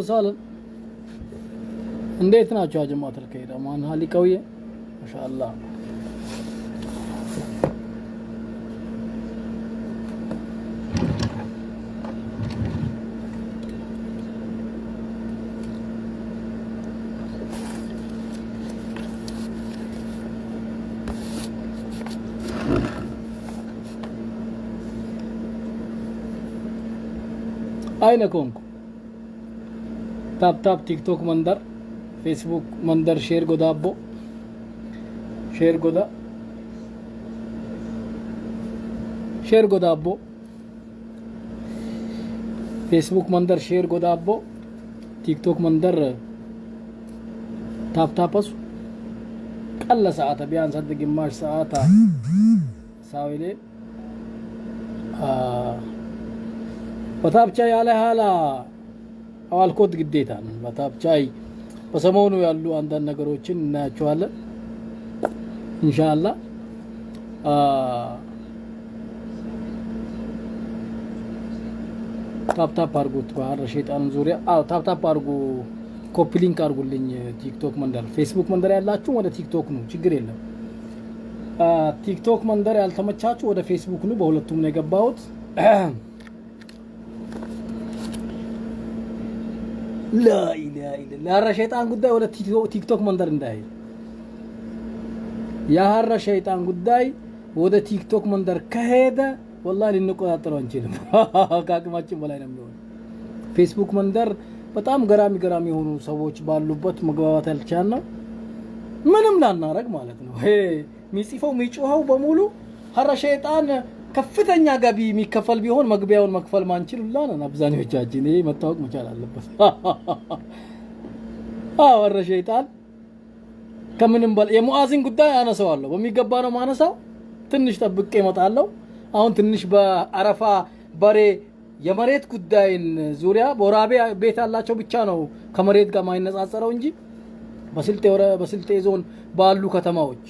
وسهلا እንዴት ናቸው አጀማት ልከይዳ ማን ሀሊ ቀውየ ማሻአላ أين كنكم؟ ताप ताप टिकटॉक मंदर फेसबुक मंदर शेर गोदा अब्बो शेर गोदा शेर गोदा अब्बो फेसबुक मंदर शेर गोदा अब्बो टिकटॉक मंदर ताप तापस قل ساعتها بيان صدق قماش ساعتها ساوي पता آه وتابتشي على هلا አዋልኮት ግዴታ ነው። በታብቻይ በሰሞኑ ያሉ አንዳንድ ነገሮችን እናያቸዋለን። ኢንሻአላ ታፕታፕ አርጉት ባህር ሸይጣን ዙሪያ። አዎ ታፕታፕ አርጉ፣ ኮፒ ሊንክ አርጉልኝ። ቲክቶክ መንደር፣ ፌስቡክ መንደር ያላችሁ ወደ ቲክቶክ ነው፣ ችግር የለም። ቲክቶክ መንደር ያልተመቻችሁ ወደ ፌስቡክ ነው። በሁለቱም ነው የገባሁት። ላኢላኢላ ያረ ሸይጣን ጉዳይ ወደ ቲክቶክ መንደር እንዳይሄድ፣ ያረ ሸይጣን ጉዳይ ወደ ቲክቶክ መንደር ከሄደ ወላሂ ልንቆጣጠረው አንችልም። ከአቅማችን በላይ ነው የሚሆን። ፌስቡክ መንደር በጣም ገራሚ ገራሚ የሆኑ ሰዎች ባሉበት መግባባት ያልቻል ነው ምንም ላናረግ ማለት ነው። ሚጽፈው ሚጮኸው በሙሉ ሀረ ሸይጣን ከፍተኛ ገቢ የሚከፈል ቢሆን መግቢያውን መክፈል ማንችል ሁላ ነን አብዛኞቻችን። ይሄ መታወቅ መቻል አለበት። ወረ ሸይጣን ከምንም በላይ የሙአዚን ጉዳይ አነሰዋለሁ፣ በሚገባ ነው ማነሳው። ትንሽ ጠብቄ እመጣለሁ። አሁን ትንሽ በአረፋ በሬ የመሬት ጉዳይን ዙሪያ በወራቤ ቤት ያላቸው ብቻ ነው ከመሬት ጋር ማይነጻጸረው እንጂ በስልጤ ዞን ባሉ ከተማዎች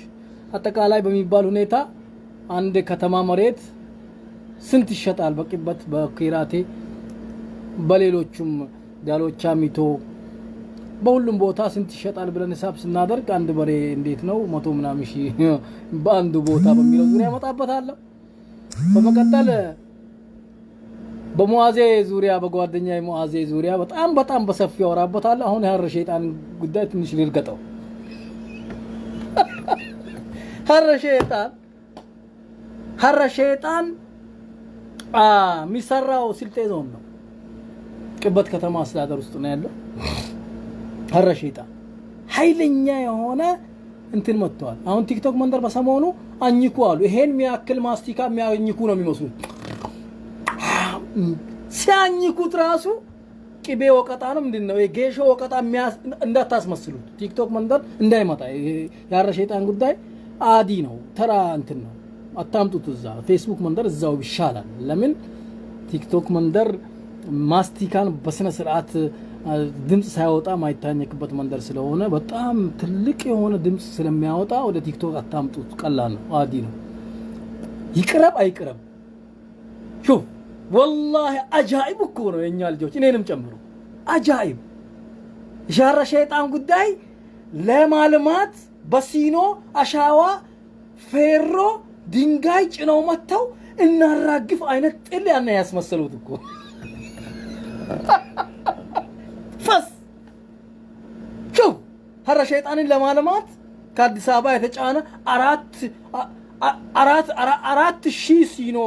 አጠቃላይ በሚባል ሁኔታ አንድ ከተማ መሬት ስንት ይሸጣል? በቂበት፣ በኪራቴ፣ በሌሎቹም ዳሎቻ፣ ሚቶ፣ በሁሉም ቦታ ስንት ይሸጣል ብለን ሂሳብ ስናደርግ አንድ በሬ እንዴት ነው መቶ ምናምን ሺህ በአንዱ ቦታ በሚለው ዙሪያ ያመጣበታለሁ። በመቀጠል በሙዓዜ ዙሪያ በጓደኛ ሙዓዜ ዙሪያ በጣም በጣም በሰፊ ያወራበታለሁ። አሁን ሀር ሸይጣን ጉዳይ ትንሽ ልርገጠው። ሀር ሸይጣን ሀረ ሸይጣን የሚሰራው ስልጤ ዞን ነው። ቅበት ከተማ አስተዳደር ውስጥ ነው ያለው። ሀረ ሸይጣን ኃይለኛ የሆነ እንትን መጥተዋል። አሁን ቲክቶክ መንደር በሰሞኑ አኝኩ አሉ። ይሄን የሚያክል ማስቲካ የሚያኝኩ ነው የሚመስሉት። ሲያኝኩት ራሱ ቅቤ ወቀጣ ነው ምንድን ነው የጌሾ ወቀጣ እንዳታስመስሉት። ቲክቶክ መንደር እንዳይመጣ የሀረ ሸይጣን ጉዳይ አዲ ነው፣ ተራ እንትን ነው አታምጡት። እዛ ፌስቡክ መንደር እዛው ይሻላል። ለምን ቲክቶክ መንደር ማስቲካን በስነ ስርዓት ድምፅ ሳይወጣ ማይታኘክበት መንደር ስለሆነ በጣም ትልቅ የሆነ ድምፅ ስለሚያወጣ ወደ ቲክቶክ አታምጡት። ቀላል ነው፣ አዲ ነው። ይቅረብ አይቅረብ ሹ ወላሂ አጃኢብ እኮ ነው የእኛ ልጆች፣ እኔንም ጨምሮ አጃኢብ የሻራ ሸይጣን ጉዳይ ለማልማት በሲኖ አሻዋ ፌሮ ድንጋይ ጭነው መጥተው እናራግፍ አይነት ጥል ያና ያስመሰሉት እኮ ፈስ ሹፍ ሀረ ሸይጣንን ለማለማት ከአዲስ አበባ የተጫነ አራት አራት አራት ሺህ ሲኖ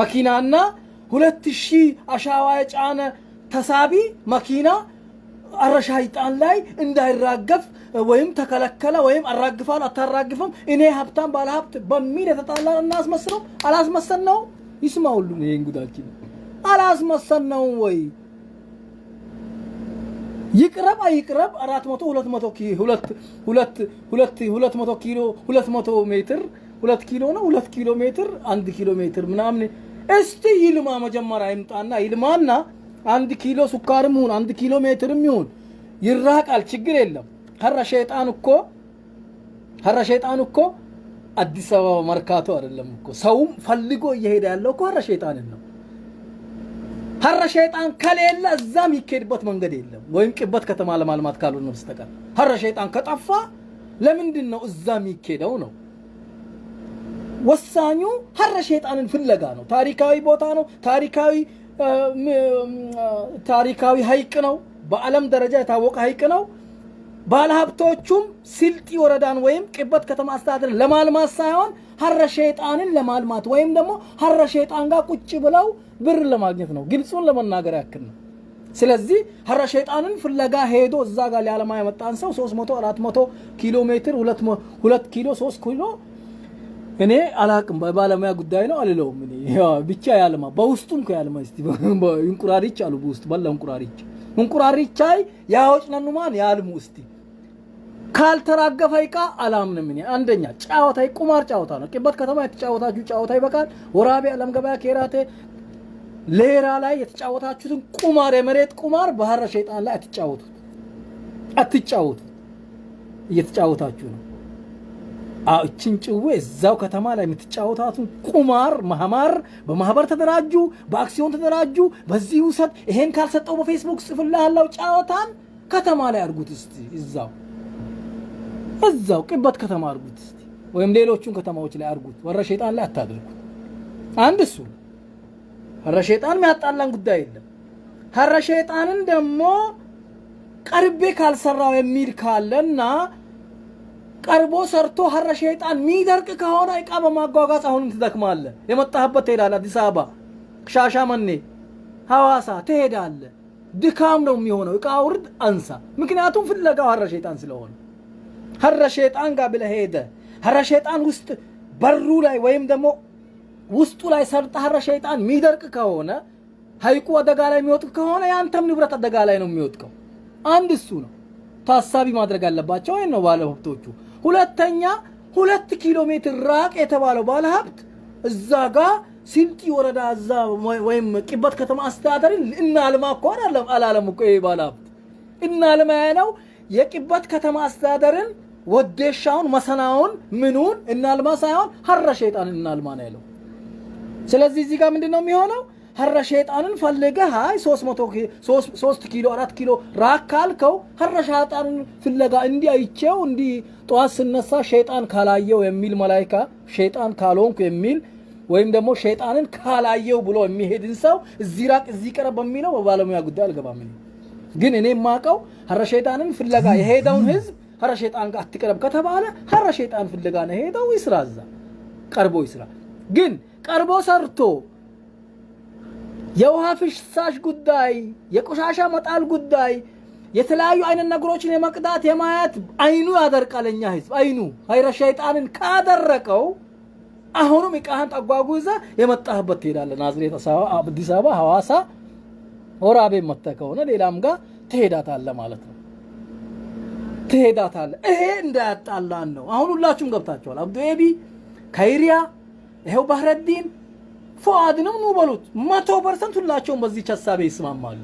መኪናና ሁለት ሺህ አሻዋ የጫነ ተሳቢ መኪና አረ ሸይጣን ላይ እንዳይራገፍ ወይም ተከለከለ ወይም አራግፋል አታራግፍም፣ እኔ ሀብታም ባለሀብት በሚል የተጣላ እናስመስለው። አላስመሰል ነው። ይስማ ሁሉ ይሄን አላስመሰል ነው ወይ ይቅረብ አይቅረብ አራት መቶ ሁለት መቶ ሁለት ሁለት ሁለት ሁለት መቶ ኪሎ ሁለት መቶ ሜትር ሁለት ኪሎ ነው ሁለት ኪሎ ሜትር አንድ ኪሎ ሜትር ምናምን እስቲ ይልማ መጀመሪያ ይምጣና ይልማና አንድ ኪሎ ሱካርም ይሁን አንድ ኪሎ ሜትርም ይሁን ይራቃል፣ ችግር የለም። ሀራ ሸይጣን እኮ ሀራ ሸይጣን እኮ አዲስ አበባ መርካቶ አይደለም እኮ ሰውም ፈልጎ እየሄደ ያለው እኮ ሀራ ሸይጣንን ነው። ሀራ ሸይጣን ከሌለ እዛ የሚካሄድበት መንገድ የለም፣ ወይም ቅበት ከተማ ለማልማት ካልሆነ በስተቀር ሀራ ሸይጣን ከጠፋ ለምንድን ነው እዛም የሚካሄደው ነው? ወሳኙ ሀረ ሸይጣንን ፍለጋ ነው። ታሪካዊ ቦታ ነው። ታሪካዊ ታሪካዊ ሀይቅ ነው። በዓለም ደረጃ የታወቀ ሀይቅ ነው። ባለሀብቶቹም ስልጢ ወረዳን ወይም ቅበት ከተማ አስተዳደር ለማልማት ሳይሆን ሀረ ሸይጣንን ለማልማት ወይም ደግሞ ሀረ ሸይጣን ጋር ቁጭ ብለው ብር ለማግኘት ነው። ግልጹን ለመናገር ያክል ነው። ስለዚህ ሀረ ሸይጣንን ፍለጋ ሄዶ እዛ ጋር ሊያለማ ያመጣን ሰው 300 400 ኪሎ ሜትር 2 ኪሎ 3 ኪሎ እኔ አላቅም። በባለሙያ ጉዳይ ነው አልለውም። ብቻ ያለማ በውስጡም ያልማ ስ እንቁራሪች አሉ በውስጥ በላ እንቁራሪች እንቁራሪቻይ ያወጭነኑማን ያልሙ እስቲ ካልተራገፈ ይቃ አላምንም። እኔ አንደኛ ጫወታ ቁማር ጫወታ ነው። ቅበት ከተማ የተጫወታችሁ ጫወታ ይበቃል። ወራቤ አለም ገበያ ኬራቴ ሌራ ላይ የተጫወታችሁትን ቁማር የመሬት ቁማር ባህረ ሸይጣን ላይ አትጫወቱ፣ አትጫወቱ። እየተጫወታችሁ ነው። እችን ጭዌ እዛው ከተማ ላይ የምትጫወታቱን ቁማር ማህማር፣ በማህበር ተደራጁ፣ በአክሲዮን ተደራጁ፣ በዚህ ውሰድ፣ ይሄን ካልሰጠው በፌስቡክ ጽፍልሃለሁ። ጫወታን ከተማ ላይ አድርጉት እስቲ እዛው እዛው ቂበት ከተማ አርጉት፣ ወይም ሌሎቹን ከተማዎች ላይ አርጉት። ወረ ሸይጣን ላይ አታድርጉት። አንድ እሱ ሀረ ሸይጣን የሚያጣላን ጉዳይ የለም። ሀረ ሸይጣንን ደግሞ ቀርቤ ካልሰራው የሚል ካለና ቀርቦ ሰርቶ ሀረ ሸይጣን የሚደርቅ ከሆነ እቃ በማጓጓዝ አሁንም ትደክማለህ። የመጣህበት ትሄዳለህ። አዲስ አበባ፣ ሻሻመኔ፣ ሐዋሳ ትሄዳለ ድካም ነው የሚሆነው። እቃ ውርድ አንሳ። ምክንያቱም ፍለጋው ሀረ ሸይጣን ስለሆነ ሀረ ሸይጣን ጋር ብለህ ሄደህ ሀረ ሸይጣን ውስጥ በሩ ላይ ወይም ደግሞ ውስጡ ላይ ሰርጠ ሀረ ሸይጣን የሚደርቅ ከሆነ ሀይቁ አደጋ ላይ የሚወጥቅ ከሆነ የአንተም ንብረት አደጋ ላይ ነው የሚወጥቀው። አንድ እሱ ነው ታሳቢ ማድረግ አለባቸው። ይህን ነው ባለሀብቶቹ። ሁለተኛ ሁለት ኪሎ ሜትር ራቅ የተባለው ባለሀብት እዛ ጋር ሲልጢ ወረዳ እዛ ወይም ቂበት ከተማ አስተዳደርን እና እኮ አላለም እኮ ይሄ ባለሀብት እና ልማ ነው ከተማ አስተዳደርን ወዴሻውን መሰናውን ምኑን እናልማ ሳይሆን ሀረ ሸይጣንን እናልማ ነው ያለው። ስለዚህ እዚህ ጋር ምንድን ነው የሚሆነው? ሀረ ሸይጣንን ፈልገህ ሀይ ሶስት ኪሎ አራት ኪሎ ራክ ካልከው ሀረ ሸይጣንን ፍለጋ እንዲ አይቼው እንዲ ጠዋት ስነሳ ሸይጣን ካላየው የሚል መላይካ ሸይጣን ካልሆንኩ የሚል ወይም ደግሞ ሸይጣንን ካላየው ብሎ የሚሄድን ሰው እዚህ ራቅ እዚህ ቀረብ በሚለው በባለሙያ ጉዳይ አልገባም። ግን እኔ የማውቀው ሀረ ሸይጣንን ፍለጋ የሄደውን ህዝብ ሀረ ሸይጣን ጋር አትቀረብ ከተባለ ሀረ ሸይጣን ፍለጋ ነው ሄደው ይስራ፣ እዛ ቀርቦ ይስራ። ግን ቀርቦ ሰርቶ የውሃ ፍሳሽ ጉዳይ፣ የቆሻሻ መጣል ጉዳይ፣ የተለያዩ አይነት ነገሮችን የመቅዳት የማየት አይኑ ያደርቃል። እኛ ህዝብ አይኑ ሀይረ ሸይጣንን ካደረቀው አሁኑም ጠጓጉ ይዘ የመጣህበት ትሄዳለህ። ናዝሬት፣ አዲስ አበባ፣ ሐዋሳ፣ ወራቤ መጥተህ ከሆነ ሌላም ጋር ትሄዳታለህ ማለት ነው። ትሄዳታለህ። ይሄ እንዳያጣላን ነው። አሁን ሁላችሁም ገብታችኋል። አብዱኤቢ ከይሪያ፣ ይሄው ባህረዲን ፎአድ ነው ኑ በሉት። መቶ ፐርሰንት ሁላቸውም በዚህ ሀሳቤ ይስማማሉ።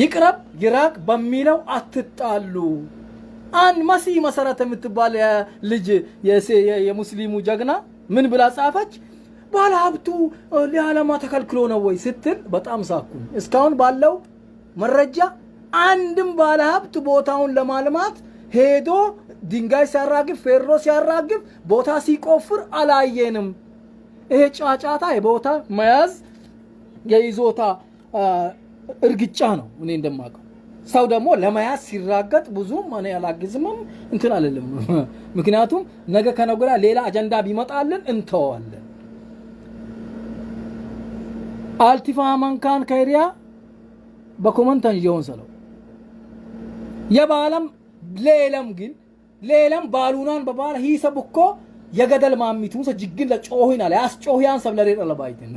ይቅረብ ይራቅ በሚለው አትጣሉ። አንድ መሲ መሰረት የምትባል ልጅ የሙስሊሙ ጀግና ምን ብላ ጻፈች? ባለ ሀብቱ ሊያለማ ተከልክሎ ነው ወይ ስትል በጣም ሳኩኝ። እስካሁን ባለው መረጃ አንድም ባለ ሀብት ቦታውን ለማልማት ሄዶ ድንጋይ ሲያራግፍ፣ ፌሮ ሲያራግፍ፣ ቦታ ሲቆፍር አላየንም። ይሄ ጫጫታ የቦታ መያዝ የይዞታ እርግጫ ነው። እኔ እንደማውቀው ሰው ደግሞ ለመያዝ ሲራገጥ ብዙም እኔ አላግዝምም እንትን አልልም። ምክንያቱም ነገ ከነገ ወዲያ ሌላ አጀንዳ ቢመጣልን እንተዋለን። አልቲፋ መንካን ከሪያ በኮመንተን የሆን ሰለው የባለም ሌለም ግን ሌለም ባሉናን በባለ ሂሰብ እኮ የገደል ማሚቱ ሰ ጅግን ይናል ያስጮህ ያን ሰብ ለሬ ጠለባይትን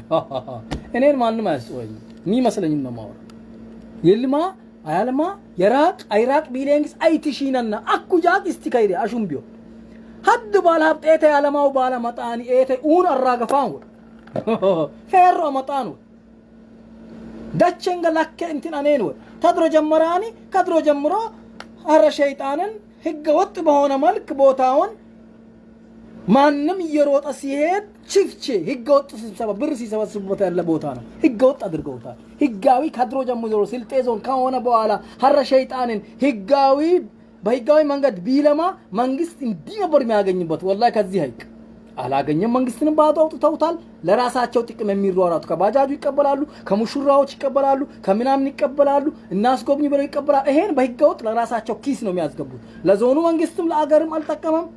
እኔን ማንም አያስጮኸኝ የሚመስለኝ ነው ማወራ ይልማ አያልማ የራቅ አይራቅ ቢሌንግስ አይትሺነና አኩ እስቲ ከይደ አሹም ቢዮ ሀድ ባለ ሀብት ኤተ ያለማው ባለ መጣኒ ኤተ ኡን አራገፋን ወ ፌሮ መጣን ወ ደቸንገ ላከ እንትን አኔን ወ ተድሮ ጀመራኒ ከድሮ ጀምሮ አረ ሸይጣንን ህገ ወጥ በሆነ መልክ ቦታውን ማንም እየሮጠ ሲሄድ ችፍቼ ህገ ወጥ ስብሰባ ብር ሲሰበስቡበት ያለ ቦታ ነው። ህገ ወጥ አድርገውታል። ህጋዊ ከድሮ ጀምሮ ስልጤ ዞን ከሆነ በኋላ ሀረ ሸይጣንን ህጋዊ በህጋዊ መንገድ ቢለማ መንግስት እንዲህ ነበር የሚያገኝበት ወላሂ ከዚህ አይቅ አላገኘም። መንግስትንም ባዶ አውጥተውታል። ለራሳቸው ጥቅም የሚሯሯጡ ከባጃጁ ይቀበላሉ፣ ከሙሽራዎች ይቀበላሉ፣ ከምናምን ይቀበላሉ፣ እናስጎብኝ ብለው ይቀበላሉ። ይሄን በህገወጥ ለራሳቸው ኪስ ነው የሚያስገቡት። ለዞኑ መንግስትም ለአገርም አልጠቀመም፣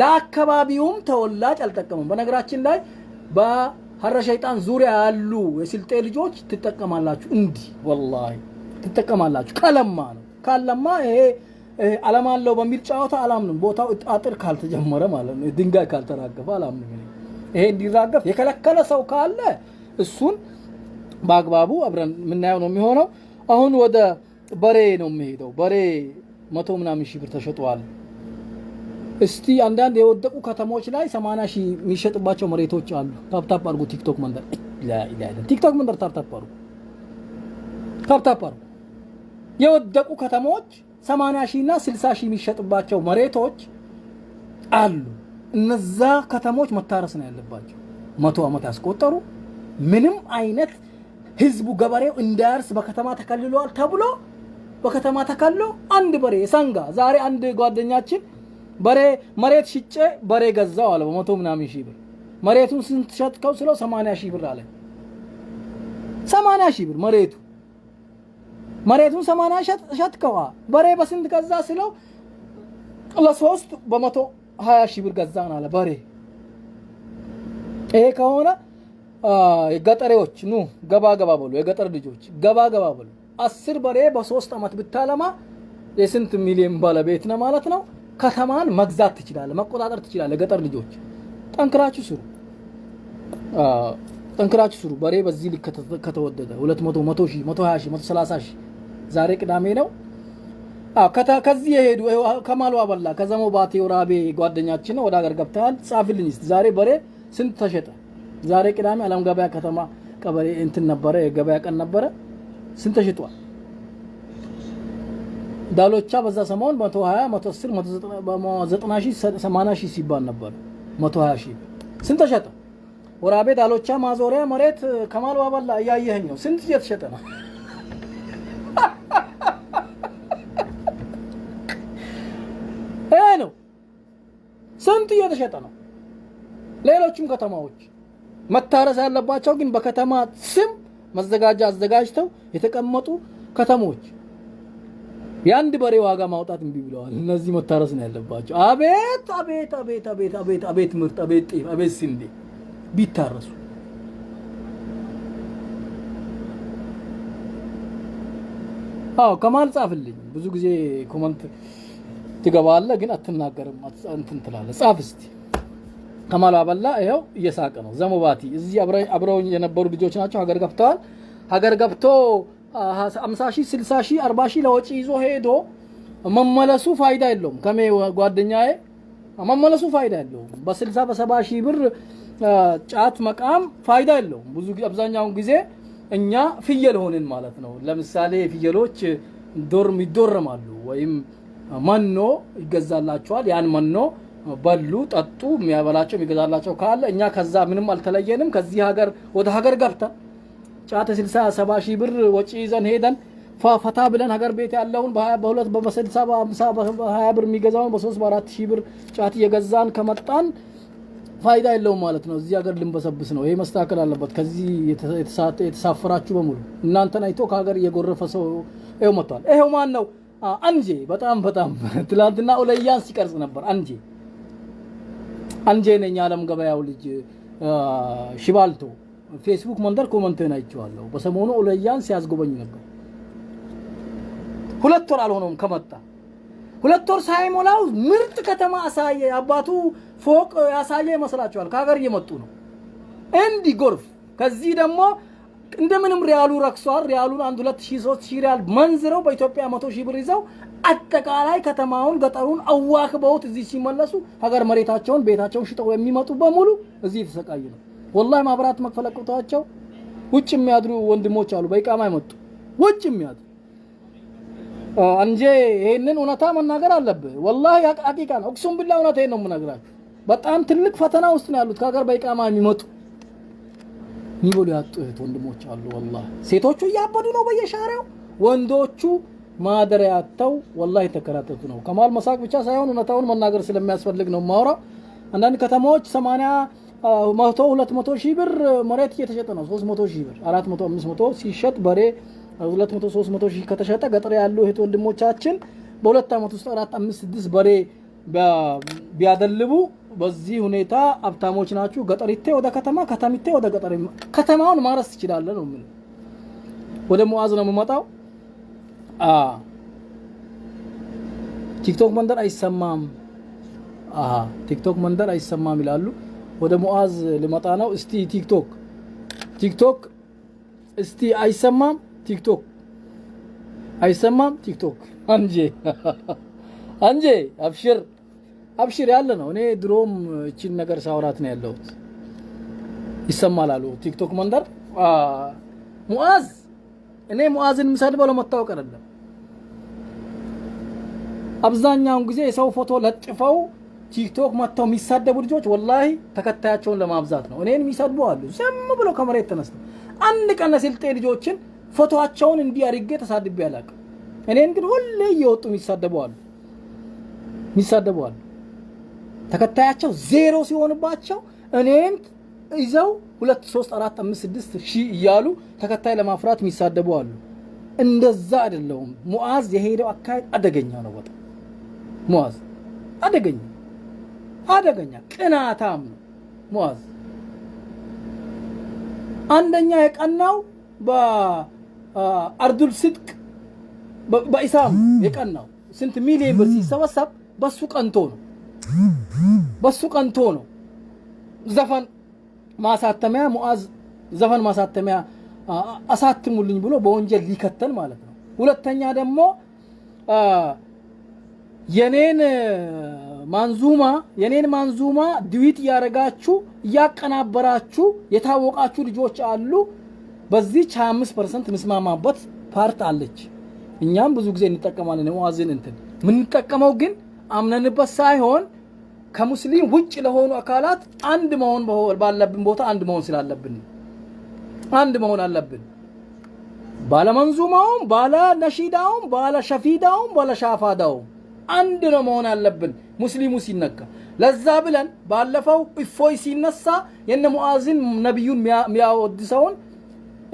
ለአካባቢውም ተወላጅ አልጠቀመም። በነገራችን ላይ በሀረ ሸይጣን ዙሪያ ያሉ የስልጤ ልጆች ትጠቀማላችሁ፣ እንዲህ ወላሂ ትጠቀማላችሁ። ከለማ ነው ካለማ ይሄ አላማ አለው በሚል ጨዋታ አላምንም። ቦታው አጥር ካልተጀመረ ማለት ነው፣ ድንጋይ ካልተራገፈ አላምንም። ይሄ እንዲራገፍ የከለከለ ሰው ካለ እሱን በአግባቡ አብረን የምናየው ነው የሚሆነው። አሁን ወደ በሬ ነው የሚሄደው። በሬ መቶ ምናምን ሺህ ብር ተሸጧል። እስቲ አንዳንድ የወደቁ ከተሞች ላይ 80 ሺህ የሚሸጥባቸው መሬቶች አሉ። ታፕታፕ አድርጉ። ቲክቶክ መንደር ቲክቶክ መንደር ታፕታፕ አድርጉ። ታፕታፕ አድርጉ። የወደቁ ከተሞች 80 ሺህ እና 60 ሺህ የሚሸጥባቸው መሬቶች አሉ። እነዛ ከተሞች መታረስ ነው ያለባቸው። መቶ ዓመት ያስቆጠሩ ምንም አይነት ህዝቡ ገበሬው እንዳያርስ በከተማ ተከልሏል ተብሎ በከተማ ተከልሎ አንድ በሬ ሰንጋ ዛሬ አንድ ጓደኛችን በሬ መሬት ሽጬ በሬ ገዛው አለ በመቶ ምናምን ሺህ ብር። መሬቱን ስንት ሸጥከው ስለው 80 ሺህ ብር አለ። 80 ሺህ ብር መሬቱ መሬቱን ሰማንያ ሸጥከዋ በሬ በስንት ገዛ ስለው ለሶስት በመቶ ሀያ ሺህ ብር ገዛን አለ በሬ። ይሄ ከሆነ ገጠሬዎች ኑ ገባ ገባ በሉ፣ የገጠር ልጆች ገባ ገባ በሉ። አስር በሬ በሶስት አመት ብታለማ የስንት ሚሊዮን ባለቤት ነው ማለት ነው። ከተማን መግዛት ትችላለ፣ መቆጣጠር ትችላለ። የገጠር ልጆች ጠንክራችሁ ስሩ፣ ጠንክራችሁ ስሩ። በሬ በዚህ ልክ ከተወደደ ሁለት መቶ መቶ ሺህ መቶ ሀያ ሺህ መቶ ሰላሳ ሺህ ዛሬ ቅዳሜ ነው። ከዚህ የሄዱ ከማሉ አበላ ከዘሞ ባቴ ወራቤ ጓደኛችን ነው። ወደ ሀገር ገብተሃል ጻፍልኝ። ዛሬ በሬ ስንት ተሸጠ? ዛሬ ቅዳሜ አለም ገበያ ከተማ ቀበሌ እንትን ነበረ፣ የገበያ ቀን ነበረ። ስንት ተሽጧል? ዳሎቻ በዛ ሰሞን 120 110 190 ሺህ 80 ሺህ ሲባል ነበር። 120 ሺህ ስንት ተሸጠ? ወራቤ ዳሎቻ ማዞሪያ መሬት ከማሉ አበላ እያየኸኝ ነው። ስንት እየተሸጠ ነው? እየተሸጠ ነው። ሌሎችም ከተማዎች መታረስ ያለባቸው ግን በከተማ ስም መዘጋጃ አዘጋጅተው የተቀመጡ ከተሞች የአንድ በሬ ዋጋ ማውጣት እምቢ ብለዋል። እነዚህ መታረስ ነው ያለባቸው። አቤት አቤት አቤት አቤት አቤት አቤት ምርት አቤት ጤፍ አቤት ስንዴ ቢታረሱ አዎ ከማል ጻፍልኝ ብዙ ጊዜ ኮመንት ትገባለህ፣ ግን አትናገርም፣ እንትን ትላለህ። ጻፍ እስቲ ከማል አበላ ይኸው እየሳቀ ነው። ዘሙባቲ እዚህ አብረውኝ የነበሩ ልጆች ናቸው። ሀገር ገብተዋል። ሀገር ገብቶ 50 ሺህ 60 ሺህ 40 ሺህ ለወጪ ይዞ ሄዶ መመለሱ ፋይዳ የለውም። ከሜ ጓደኛዬ መመለሱ ፋይዳ የለውም። በ60 በ70 ሺህ ብር ጫት መቃም ፋይዳ የለውም። ብዙ አብዛኛውን ጊዜ እኛ ፍየል ሆንን ማለት ነው። ለምሳሌ ፍየሎች ዶርም ይዶረማሉ ወይም መኖ ይገዛላቸዋል። ያን መኖ በሉ፣ ጠጡ። የሚያበላቸው የሚገዛላቸው ካለ እኛ ከዛ ምንም አልተለየንም። ከዚህ ሀገር ወደ ሀገር ገብተ ጫት ስልሳ ሰባ ሺህ ብር ወጪ ይዘን ሄደን ፈታ ብለን ሀገር ቤት ያለውን በሁለት በስልሳ በሀምሳ በሀያ ብር የሚገዛውን በሶስት በአራት ሺህ ብር ጫት እየገዛን ከመጣን ፋይዳ የለውም ማለት ነው። እዚህ ሀገር ልንበሰብስ ነው። ይሄ መስተካከል አለበት። ከዚህ የተሳፈራችሁ በሙሉ እናንተን አይቶ ከሀገር እየጎረፈ ሰው ይኸው መጥቷል። ይኸው ማን ነው? አንጄ በጣም በጣም ትላንትና ኡለያን ሲቀርጽ ነበር። አንጄ አንጄ ነኝ አለም ገበያው ልጅ ሽባልቶ ፌስቡክ መንደር ኮመንቴን አይቼዋለሁ። በሰሞኑ ኡለያን ሲያስጎበኝ ነበር። ሁለት ወር አልሆነውም ከመጣ ሁለት ወር ሳይሞላው ምርጥ ከተማ አሳየ። አባቱ ፎቅ ያሳየ ይመስላችኋል? ከሀገር እየመጡ ነው እንዲህ ጎርፍ ከዚህ ደግሞ እንደምንም ሪያሉ ረክሷል። ሪያሉን አንድ ሁለት ሺ ሶስት ሺ ሪያል መንዝረው በኢትዮጵያ መቶ ሺ ብር ይዘው አጠቃላይ ከተማውን ገጠሩን አዋክበውት እዚህ ሲመለሱ ሀገር መሬታቸውን ቤታቸውን ሽጠው የሚመጡ በሙሉ እዚህ የተሰቃዩ ነው። ወላሂ ማብራት መክፈል አቅቷቸው ውጭ የሚያድሩ ወንድሞች አሉ። በኢቃማ አይመጡ ውጭ የሚያድሩ እንጂ ይህንን እውነታ መናገር አለብህ። ወላሂ ሀቂቃ ነው። እክሱም ብላ እውነት ነው የምነግራችሁ። በጣም ትልቅ ፈተና ውስጥ ነው ያሉት ከሀገር በኢቃማ የሚመጡ የሚበሉ ያጡ እህት ወንድሞች አሉ። ወላሂ ሴቶቹ እያበዱ ነው በየሻሪያው፣ ወንዶቹ ማደሪያ ያጥተው ወላሂ የተከራተቱ ነው። ከማል መሳቅ ብቻ ሳይሆን እውነታውን መናገር ስለሚያስፈልግ ነው የማወራው። አንዳንድ ከተማዎች 80 መቶ 200 ሺህ ብር መሬት እየተሸጠ ነው። 300 ሺህ ብር 400 500 ሲሸጥ በሬ 200 300 ሺህ ከተሸጠ ገጠር ያሉ እህት ወንድሞቻችን በሁለት ዓመት ውስጥ 4 5 6 በሬ ቢያደልቡ በዚህ ሁኔታ ሀብታሞች ናችሁ። ገጠሪቴ ወደ ከተማ፣ ከተሚቴ ወደ ገጠር፣ ከተማውን ማረስ ትችላለ ነው ምን ወደ ሙአዝ ነው የምመጣው። ቲክቶክ መንደር አይሰማም፣ ቲክቶክ መንደር አይሰማም ይላሉ። ወደ ሙአዝ ልመጣ ነው። እስቲ ቲክቶክ ቲክቶክ እስቲ አይሰማም፣ ቲክቶክ አይሰማም፣ ቲክቶክ አንጄ አንጄ አብሽር አብሽር ያለ ነው። እኔ ድሮም እችን ነገር ሳውራት ነው ያለሁት። ይሰማል አሉ ቲክቶክ መንደር ሙአዝ። እኔ ሙዓዝን የምሰድበው ለመታወቅ አይደለም። አብዛኛውን ጊዜ የሰው ፎቶ ለጥፈው ቲክቶክ መጥተው የሚሳደቡ ልጆች ወላሂ ተከታያቸውን ለማብዛት ነው። እኔን የሚሰድቡ አሉ ዝም ብሎ ከመሬት ተነስተው። አንድ ቀን ለስልጤ ልጆችን ፎቶቸውን እንዲህ አድርጌ ተሳድቤ አላውቅም። እኔን ግን ሁሌ እየወጡ የሚሳደቡ አሉ የሚሳደቡ አሉ። ተከታያቸው ዜሮ ሲሆንባቸው እኔን ይዘው ሁለት ሶስት አራት አምስት ስድስት ሺህ እያሉ ተከታይ ለማፍራት የሚሳደቡ አሉ። እንደዛ አይደለውም። ሙዓዝ የሄደው አካሄድ አደገኛ ነው። በጣም ሙዓዝ አደገኛ አደገኛ ቅናታም ነው ሙዓዝ። አንደኛ የቀናው በአርዱል ስድቅ በኢሳም የቀናው ስንት ሚሊዮን ብር ሲሰበሰብ በሱ ቀንቶ ነው። በሱ ቀንቶ ነው ዘፈን ማሳተሚያ ሙዓዝ ዘፈን ማሳተሚያ አሳትሙልኝ ብሎ በወንጀል ሊከተል ማለት ነው። ሁለተኛ ደግሞ የኔን ማንዙማ የኔን ማንዙማ ድዊት እያደረጋችሁ እያቀናበራችሁ የታወቃችሁ ልጆች አሉ። በዚች 25 ፐርሰንት ምስማማበት ፓርት አለች። እኛም ብዙ ጊዜ እንጠቀማለን የሙዓዝን እንትን የምንጠቀመው ግን አምነንበት ሳይሆን ከሙስሊም ውጭ ለሆኑ አካላት አንድ መሆን ባለብን ቦታ አንድ መሆን ስላለብን አንድ መሆን አለብን። ባለ መንዙማውም፣ ባለ ነሺዳውም፣ ባለ ሸፊዳውም፣ ባለ ሻፋዳውም አንድ ነው መሆን አለብን። ሙስሊሙ ሲነካ ለዛ ብለን ባለፈው እፎይ ሲነሳ የነ ሙአዝን ነቢዩን የሚያወድሰውን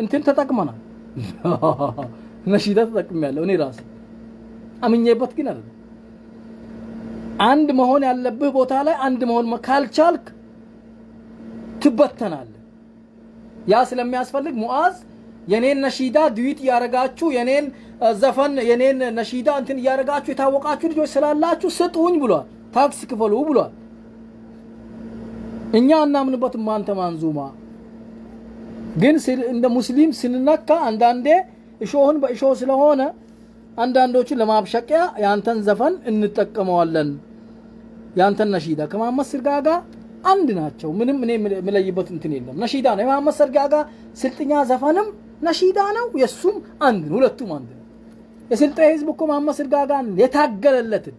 እንትን ተጠቅመናል። ነሺዳ ተጠቅሜያለሁ እኔ ራሴ አምኜበት ግን አለ አንድ መሆን ያለብህ ቦታ ላይ አንድ መሆን ካልቻልክ ትበተናለህ። ያ ስለሚያስፈልግ ሙዓዝ የኔን ነሺዳ ድዊት እያረጋችሁ የኔን ዘፈን የኔን ነሺዳ እንትን እያረጋችሁ የታወቃችሁ ልጆች ስላላችሁ ስጡኝ ብሏል። ታክስ ክፈሉ ብሏል። እኛ እናምንበትም ማንተ ማንዙማ ግን እንደ ሙስሊም ስንነካ አንዳንዴ እሾህን በእሾህ ስለሆነ አንዳንዶችን ለማብሸቂያ የአንተን ዘፈን እንጠቀመዋለን። ያንተን ነሺዳ ከመሐመድ ስርጋ ጋር አንድ ናቸው። ምንም እኔ የምለይበት እንትን የለም። ነሺዳ ነው የመሐመድ ስርጋ ጋር ስልጥኛ ዘፈንም ነሺዳ ነው። የሱም አንድ ነው። ሁለቱም አንድ ነው። የስልጤ ህዝብ እኮ መሐመድ ስርጋ ጋር የታገለለትን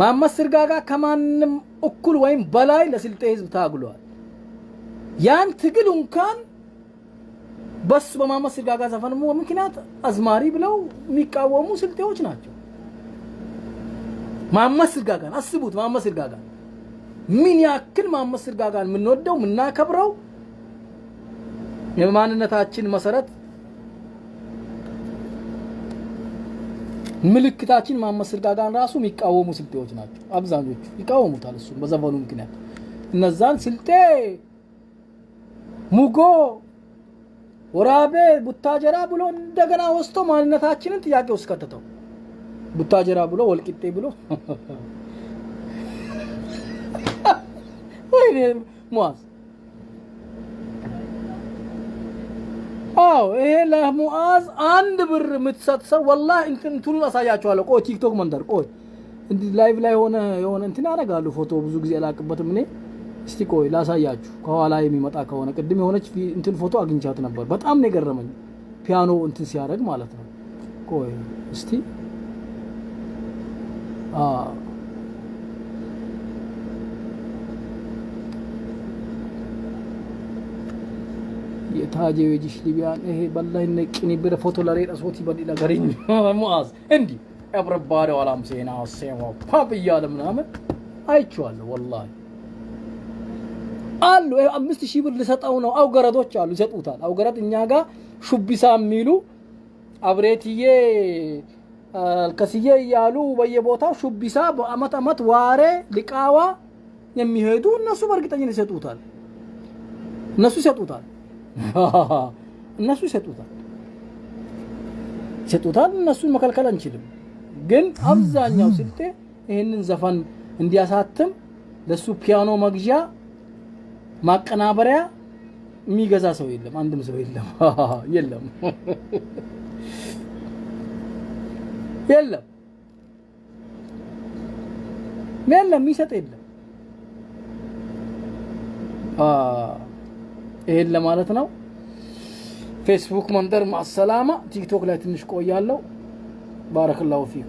መሐመድ ስርጋ ጋር ከማንም እኩል ወይም በላይ ለስልጤ ህዝብ ታግሏል። ያን ትግል እንኳን በሱ በመሐመድ ስርጋ ጋር ዘፈን ምክንያት አዝማሪ ብለው የሚቃወሙ ስልጤዎች ናቸው። መሐመድ ስርጋጋን አስቡት። መሐመድ ስርጋጋን ምን ያክል መሐመድ ስርጋጋን የምንወደው የምናከብረው የማንነታችን መሰረት ምልክታችን መሐመድ ስርጋጋን ራሱ የሚቃወሙ ስልጤዎች ናቸው። አብዛኞቹ ይቃወሙታል። እሱ በዘፈኑ ምክንያት እነዛን ስልጤ ሙጎ ወራቤ ቡታጀራ ብሎ እንደገና ወስቶ ማንነታችንን ጥያቄ ውስጥ ከተተው። ቡታጀራ ብሎ ወልቂጤ ብሎ ወይኔ አዎ ይሄ ለሙዓዝ አንድ ብር የምትሰጥ ሰው ወላሂ እንትኑን አሳያቸዋለሁ። ቆይ ቲክቶክ መንደር ቆይ ላይቭ ላይ ሆነ የሆነ እንትን ያደርጋሉ ፎቶ ብዙ ጊዜ አላቅበትም እኔ እስቲ ቆይ ላሳያችሁ። ከኋላ የሚመጣ ከሆነ ቅድም የሆነች እንትን ፎቶ አግኝቻት ነበር። በጣም ነው የገረመኝ ፒያኖ እንትን ሲያደርግ ማለት ነው። ቆይ እስቲ የታጀጅሽ ሊቢያን ይሄ በላይ ነቂን ብረ ፎቶ ለሬዳ ሶቲ በዲ ለገሪኝ ሙአዝ እንዲ ያብረባሪ ዋላም ሴና ሴማ ፓፕ እያለ ምናምን አይቼዋለሁ። ወላሂ አሉ አምስት ሺህ ብር ልሰጠው ነው። አውገረዶች አሉ ይሰጡታል። አውገረድ እኛ ጋር ሹቢሳ የሚሉ አብሬትዬ ከስዬ እያሉ በየቦታው ሹቢሳ በአመት አመት ዋሬ ሊቃዋ የሚሄዱ እነሱ በእርግጠኝነት ይሰጡታል። እነሱ ይሰጡታል። እነሱ ይሰጡታል ይሰጡታል። እነሱን መከልከል አንችልም። ግን አብዛኛው ስልጤ ይህንን ዘፈን እንዲያሳትም ለሱ ፒያኖ መግዣ ማቀናበሪያ የሚገዛ ሰው የለም። አንድም ሰው የለም የለም። የለም የለም የሚሰጥ የለም። ይሄን ለማለት ነው። ፌስቡክ መንደር ማሰላማ። ቲክቶክ ላይ ትንሽ ቆያለሁ። ባረክላሁ ፊኩም